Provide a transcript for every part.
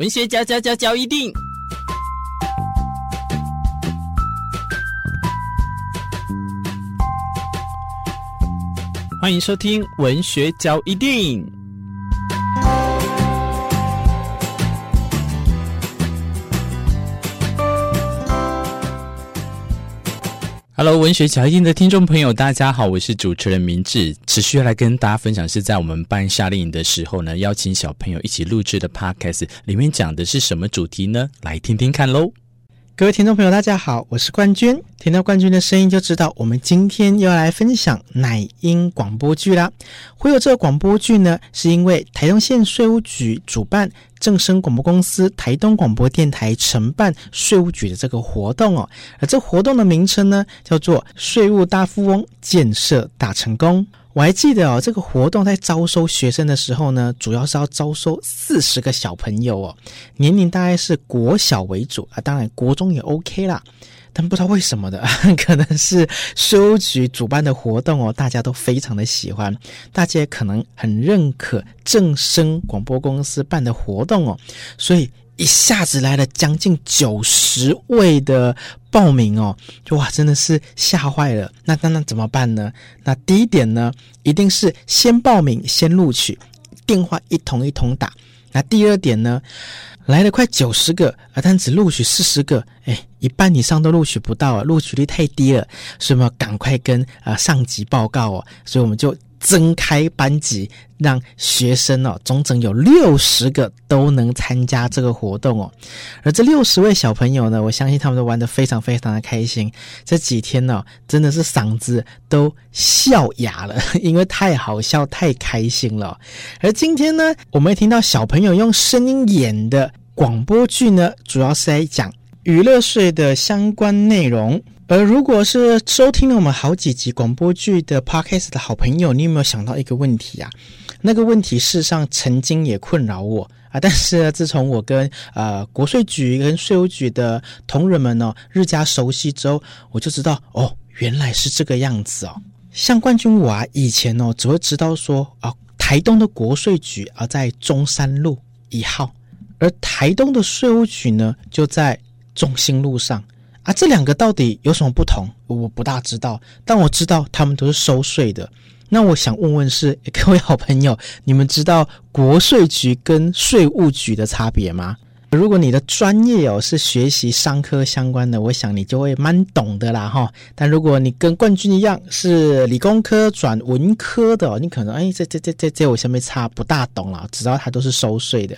文學嚼嚼嚼嚼一錠，歡迎收聽文學嚼一錠。Hello，文學嚼一錠的聽眾朋友，大家好，我是主持人明志，持續來跟大家分享是在我們辦夏令營的時候呢，邀請小朋友一起錄製的 Podcast，裡面講的是什麼主題呢？來聽聽看嘍。各位聽眾朋友，大家好，我是冠軍。聽到冠軍的聲音就知道，我們今天要來分享奶音廣播劇啦，會有這個廣播劇呢，是因為台東縣稅務局主辦，正聲廣播公司台東廣播電台承辦稅務局的這個活動哦。而這活動的名稱呢，叫做《稅務大富翁建設大成功》。我還記得哦，這個活動在招收學生的時候呢，主要是要招收四十個小朋友哦，年齡大概是國小為主啊，當然國中也 OK 啦。但不知道為什麼的，可能是稅局主辦的活動哦，大家都非常的喜歡，大家可能很認可正聲廣播公司辦的活動哦，所以。一下子來了將近九十位的報名哦，就哇，真的是嚇壞了。那那那怎麼辦呢？那第一點呢，一定是先報名先錄取，電話一通一通打。那第二點呢，來了快九十個，啊，但只錄取四十個，誒、哎，一半以上都錄取不到啊，錄取率太低了，所以我們要趕快跟啊上級報告哦。所以我們就。增開班級，讓學生哦，整整有六十個都能參加這個活動哦。而這六十位小朋友呢，我相信他們都玩得非常非常的開心。這幾天呢、哦，真的是嗓子都笑啞了，因為太好笑、太開心了。而今天呢，我們會聽到小朋友用聲音演的廣播劇呢，主要是來講娛樂稅的相關內容。而如果是收聽了我們好幾集廣播劇的 Podcast 的好朋友，你有沒有想到一個問題啊？那個問題，事實上曾經也困擾我啊。但是自從我跟啊、呃、國稅局跟稅務局的同仁們呢、哦、日加熟悉之後，我就知道哦，原來是這個樣子哦。像冠軍我啊，以前哦只會知道說啊，台東的國稅局啊在中山路一號，而台東的稅務局呢就在中興路上。啊、這兩個到底有什麼不同？我，我不大知道，但我知道他們都是收稅的。那我想問問是各位好朋友，你們知道國稅局跟稅務局的差別嗎？如果你的專業哦是學習商科相關的，我想你就會蠻懂的啦哈、哦。但如果你跟冠軍一樣是理工科轉文科的、哦，你可能哎這這這這這我下面差不大懂了，知道它都是收稅的。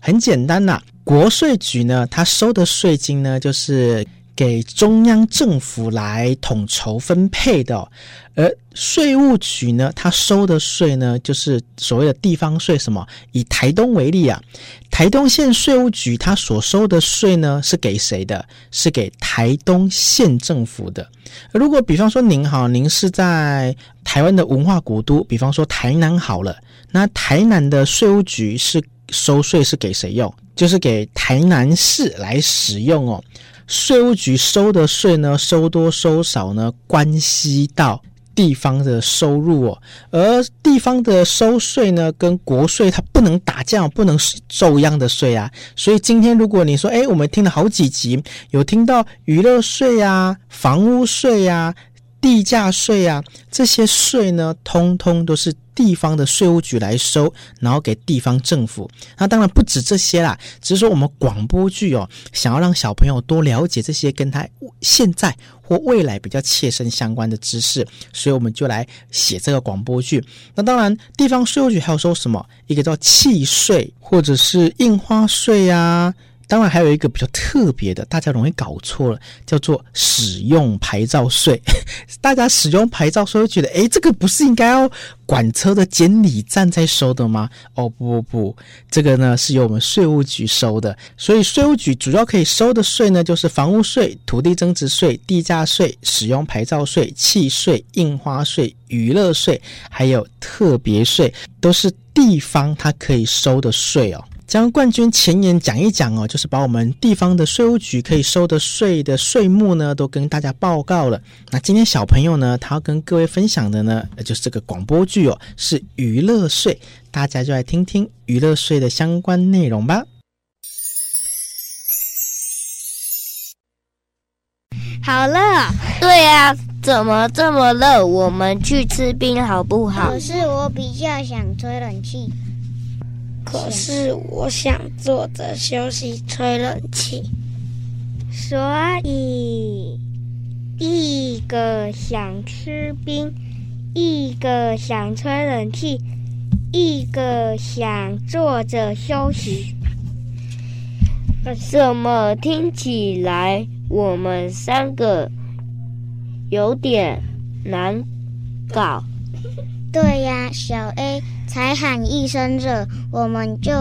很簡單吶，國稅局呢，它收的稅金呢就是。給中央政府來統籌分配的哦，而稅務局呢，它收的稅呢，就是所謂的地方稅。什麼？以台東為例啊，台東縣稅務局它所收的稅呢，是給誰的？是給台東縣政府的。如果比方說您哈，您是在台灣的文化古都，比方說台南好了，那台南的稅務局是收稅是給誰用？就是給台南市來使用哦。稅務局收的稅呢，收多收少呢，關係到地方的收入哦。而地方的收稅呢，跟國稅它不能打架，不能收一樣的稅啊。所以今天如果你說，誒、欸、我們聽了好幾集，有聽到娛樂稅呀、房屋稅呀、啊。地價稅啊，這些稅呢，通通都是地方的稅務局來收，然後給地方政府。那當然不止這些啦，只是說我們廣播劇哦，想要讓小朋友多了解這些跟他現在或未來比較切身相關的知識，所以我們就來寫這個廣播劇。那當然，地方稅務局還要收什麼？一個叫契稅，或者是印花稅啊。當然，還有一個比較特別的，大家容易搞錯了，叫做使用牌照稅。 大家使用牌照稅會覺得，哎，這個不是應該要管車的監理站在收的嗎？哦，不不不，這個呢是由我們稅務局收的。所以稅務局主要可以收的稅呢，就是房屋稅、土地增值稅、地價稅、使用牌照稅、契稅、印花稅、娛樂稅，還有特別稅，都是地方它可以收的稅哦。將冠軍前言講一講哦，就是把我們地方的稅務局可以收的稅的稅目呢，都跟大家報告了。那今天小朋友呢，他要跟各位分享的呢，就是這個廣播劇哦，是娛樂稅，大家就來聽聽娛樂稅的相關內容吧。好了，對呀、啊，怎麼這麼熱？我們去吃冰好不好？可是我比較想吹冷氣。可是我想坐着休息吹冷氣，所以一個想吃冰，一個想吹冷氣，一個想坐着休息。怎麼聽起來我們三個有點難搞？對呀，小 A 才喊一聲熱，我們就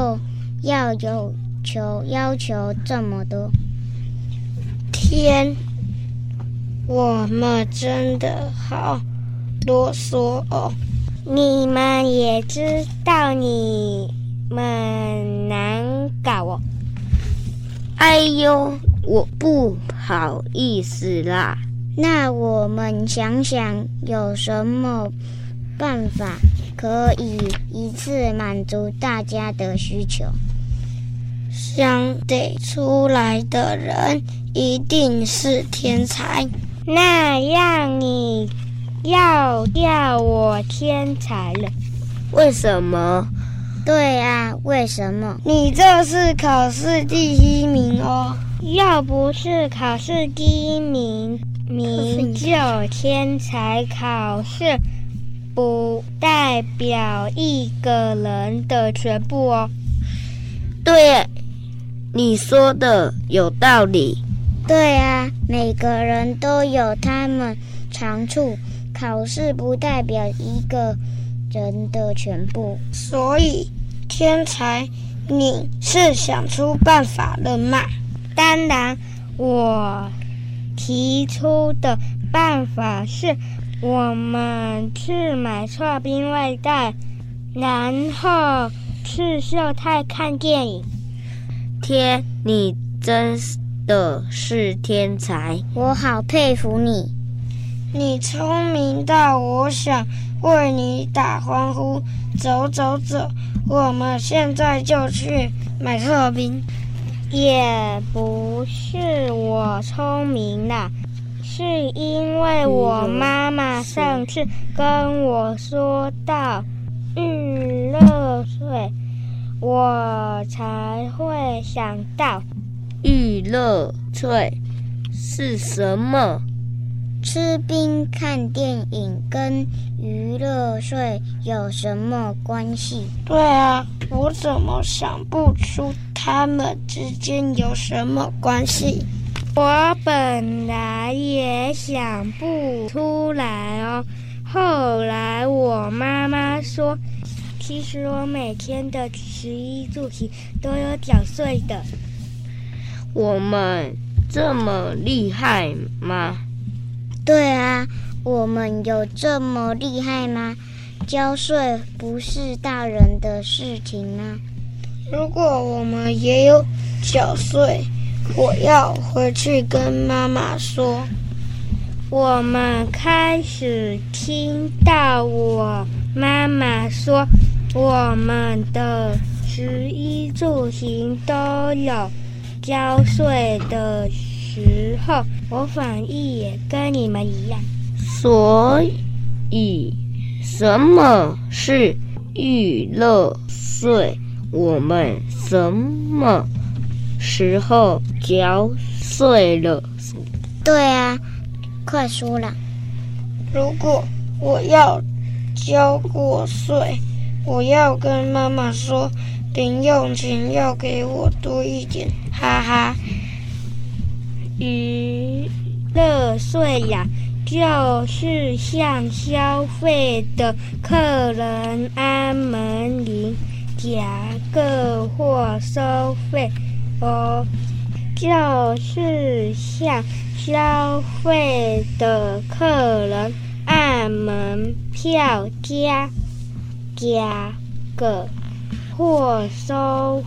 要有求要求這麼多。天，我們真的好囉嗦哦！你們也知道你們難搞哦。哎呦，我不，不好意思啦。那我們想想有什麼？辦法可以一次滿足大家的需求。想得出來的人一定是天才。那樣你要叫我天才了？為什麼？對啊，為什麼？你這是考試第一名哦。要不是考試第一名，名就天才考試。不代表一個人的全部哦。對，你說的有道理。對啊，每個人都有他們長處，考試不代表一個人的全部。所以，天才，你是想出辦法了嗎？當然，我提出的辦法是。我們去買特冰外帶，然後去秀泰看電影。天，你真的是天才，我好佩服你。你聰明到我想為你打歡呼。走走走，我們現在就去買特冰。也不是我聰明啦，是因為我媽媽上次跟我說到娛樂稅，我才會想到娛樂稅是什麼。吃冰看電影跟娛樂稅有什麼關係？對啊，我怎麼想不出他們之間有什麼關係？我本來也想不出來哦，後來我媽媽說，其實我每天的十一做題，都有繳稅的。我們這麼厲害嗎？對啊，我們有這麼厲害嗎？交稅不是大人的事情嗎、啊？如果我們也有繳稅？我要回去跟媽媽說。我們開始聽到我媽媽說我們的食衣住行都有交稅的時候，我反應也跟你們一樣。所以什麼是娛樂稅？我們什麼？時候嚼碎了，對啊，快輸了。如果我要交過稅，我要跟媽媽說，零用錢要給我多一點，哈哈。娛、嗯、樂稅呀，就是向消費的客人按門鈴、夾個貨收費。哦，就是向消費的客人按門票加加個或收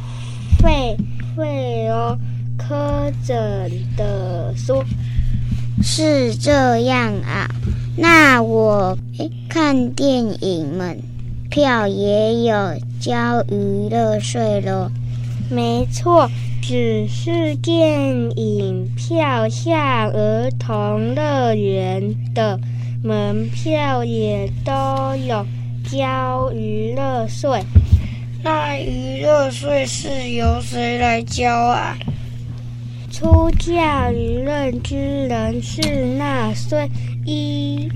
費費哦，科整的說，是這樣啊。那我看電影門票也有交娛樂稅咯，沒錯。只是電影票、下兒童樂園的門票也都有交娛樂稅，那娛樂稅是由誰來交啊？出價娛樂之人是納稅義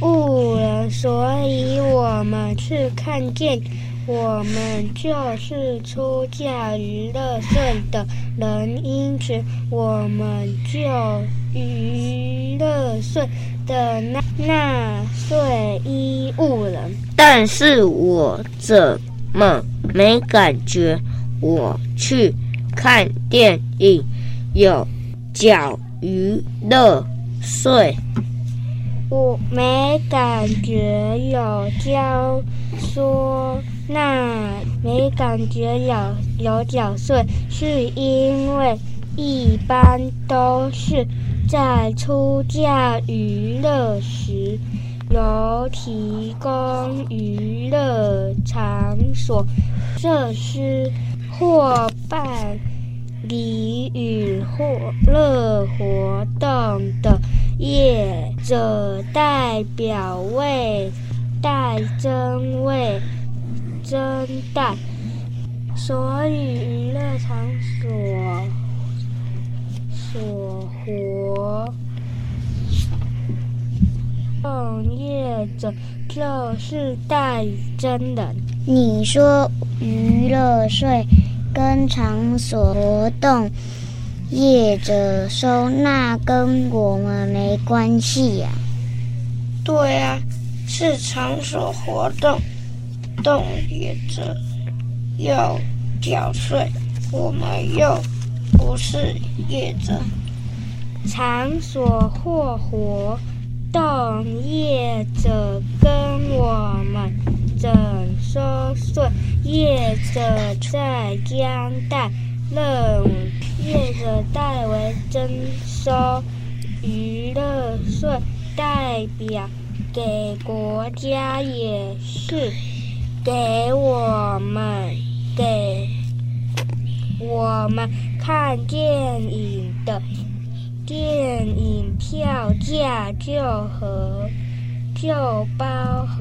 務人，所以我們去看見。我們就是出嫁娛樂稅的人英，因此我們就娛樂稅的納納稅義務人。但是我怎麼沒感覺？我去看電影，有繳娛樂稅，我沒感覺有交，說。那沒感覺有有繳稅，是因為一般都是在出價娛樂時，由提供娛樂場所設施或辦理娛樂活動的業者代表位，代徵位。真的，所以娛樂場所、所活、從、哦、業者就是代徵的。你說娛樂稅跟場所、活動業者收，那跟我們沒關係呀、啊？對呀、啊，是場所活動動業者要繳稅，我們又不是業者，場所或活動業者跟我們徵收稅，業者在交代，讓業者代為徵收娛樂稅，代表給國家也是。給我們，給我們看電影的電影票價就和就包含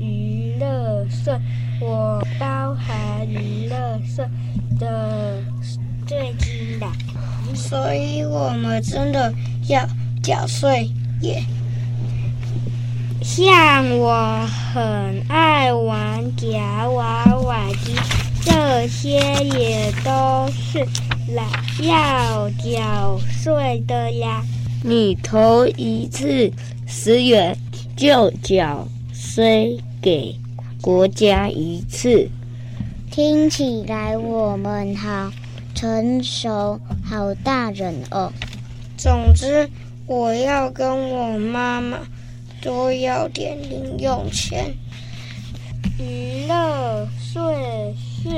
娛樂稅，我包含娛樂稅的最新的，所以我們真的要繳稅耶。像我很愛玩夾娃娃機，這些也都是來要繳稅的呀。你投一次十元就繳稅給國家一次，聽起來我們好成熟、好大人哦。總之，我要跟我媽媽。多要點零用錢。娛樂稅是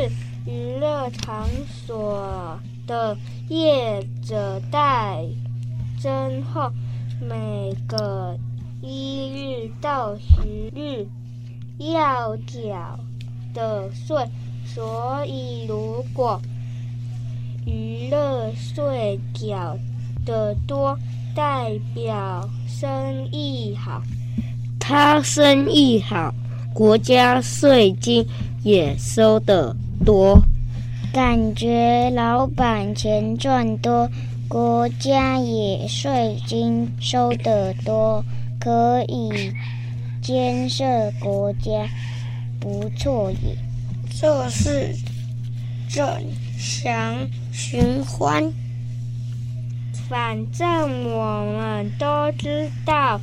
娛樂場所的業者代徵後，每個一日到十日要繳的稅，所以如果娛樂稅繳的多，代表生意好。他生意好，國家稅金也收得多，感覺老闆錢賺多，國家也稅金收得多，可以建設國家，不錯耶。這是正向循環。反正我們都知道。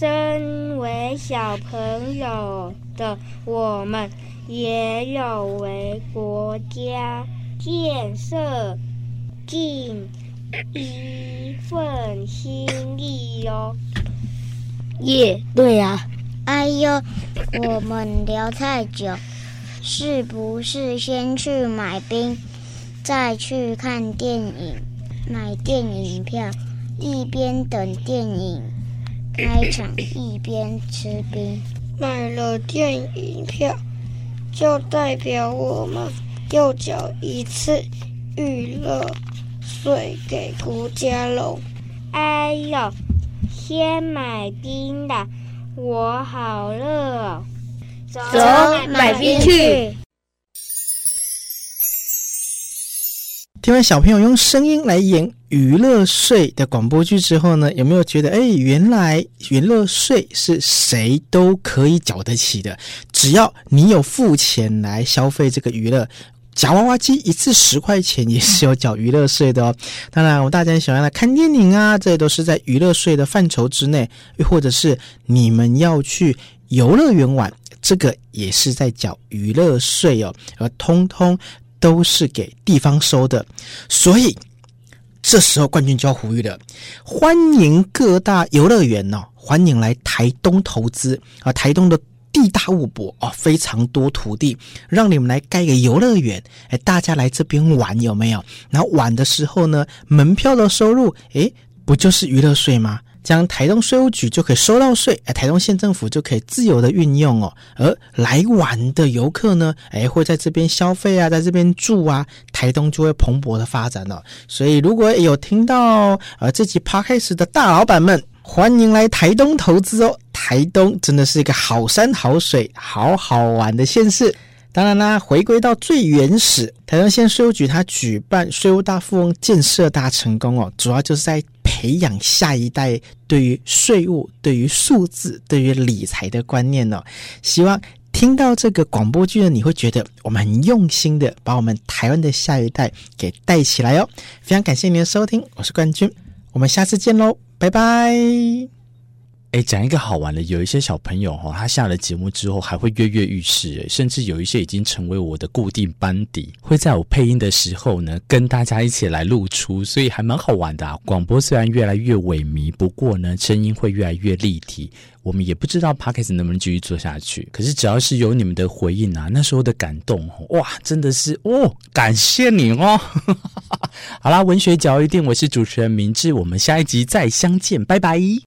身為小朋友的我們，也有為國家建設盡一份心力喲、喔。耶、yeah, 啊，對呀。哎呦，我們聊太久， 是不是先去買冰，再去看電影，買電影票，一邊等電影。開場一邊吃冰，買了電影票，就代表我們又繳一次娛樂稅給國家嘍。哎呦，先買冰的，我好熱、哦。走，走，買冰去。因為聽完小朋友用聲音來演娛樂稅的廣播劇之後呢，有沒有覺得哎、欸，原來娛樂稅是誰都可以繳得起的？只要你有付錢來消費這個娛樂，夾娃娃機一次十塊錢也是有繳娛樂稅的哦。當然，我們大家喜歡來看電影啊，這都是在娛樂稅的範疇之內；或者是你們要去遊樂園玩，這個也是在繳娛樂稅哦，而通通。都是給地方收的，所以這時候冠軍就要呼籲了：歡迎各大遊樂園哦，歡迎來台東投資啊！台東的地大物博哦，啊，非常多土地，讓你們來蓋個遊樂園。哎，大家來這邊玩有沒有？然後玩的時候呢，門票的收入，哎，不就是娛樂稅嗎？將台東稅務局就可以收到稅，哎，台東縣政府就可以自由的運用哦。而來玩的遊客呢，哎，會在這邊消費啊，在這邊住啊，台東就會蓬勃的發展了哦。所以，如果有聽到呃這期 Podcast 的大老闆們，歡迎來台東投資哦。台東真的是一個好山好水、好好玩的縣市。當然啦，回歸到最原始，台灣縣稅務局它舉辦稅務大富翁建設大成功哦，主要就是在培養下一代對於稅務、對於數字、對於理財的觀念哦。希望聽到這個廣播劇的你會覺得我們很用心的把我們台灣的下一代給帶起來哦。非常感謝您的收聽，我是冠軍，我們下次見嘍，拜拜。哎，講一個好玩的，有一些小朋友哈、哦，他下了節目之後還會躍躍欲試，甚至有一些已經成為我的固定班底，會在我配音的時候呢，跟大家一起來錄出，所以還蠻好玩的、啊。廣播雖然越來越萎靡，不過呢，聲音會越來越立體。我們也不知道 Podcast 能不能繼續做下去，可是只要是有你們的回應啊，那時候的感動、哦，哇，真的是哦，感謝你哦。 好啦，文學嚼一錠，我是主持人明志，我們下一集再相見，拜拜。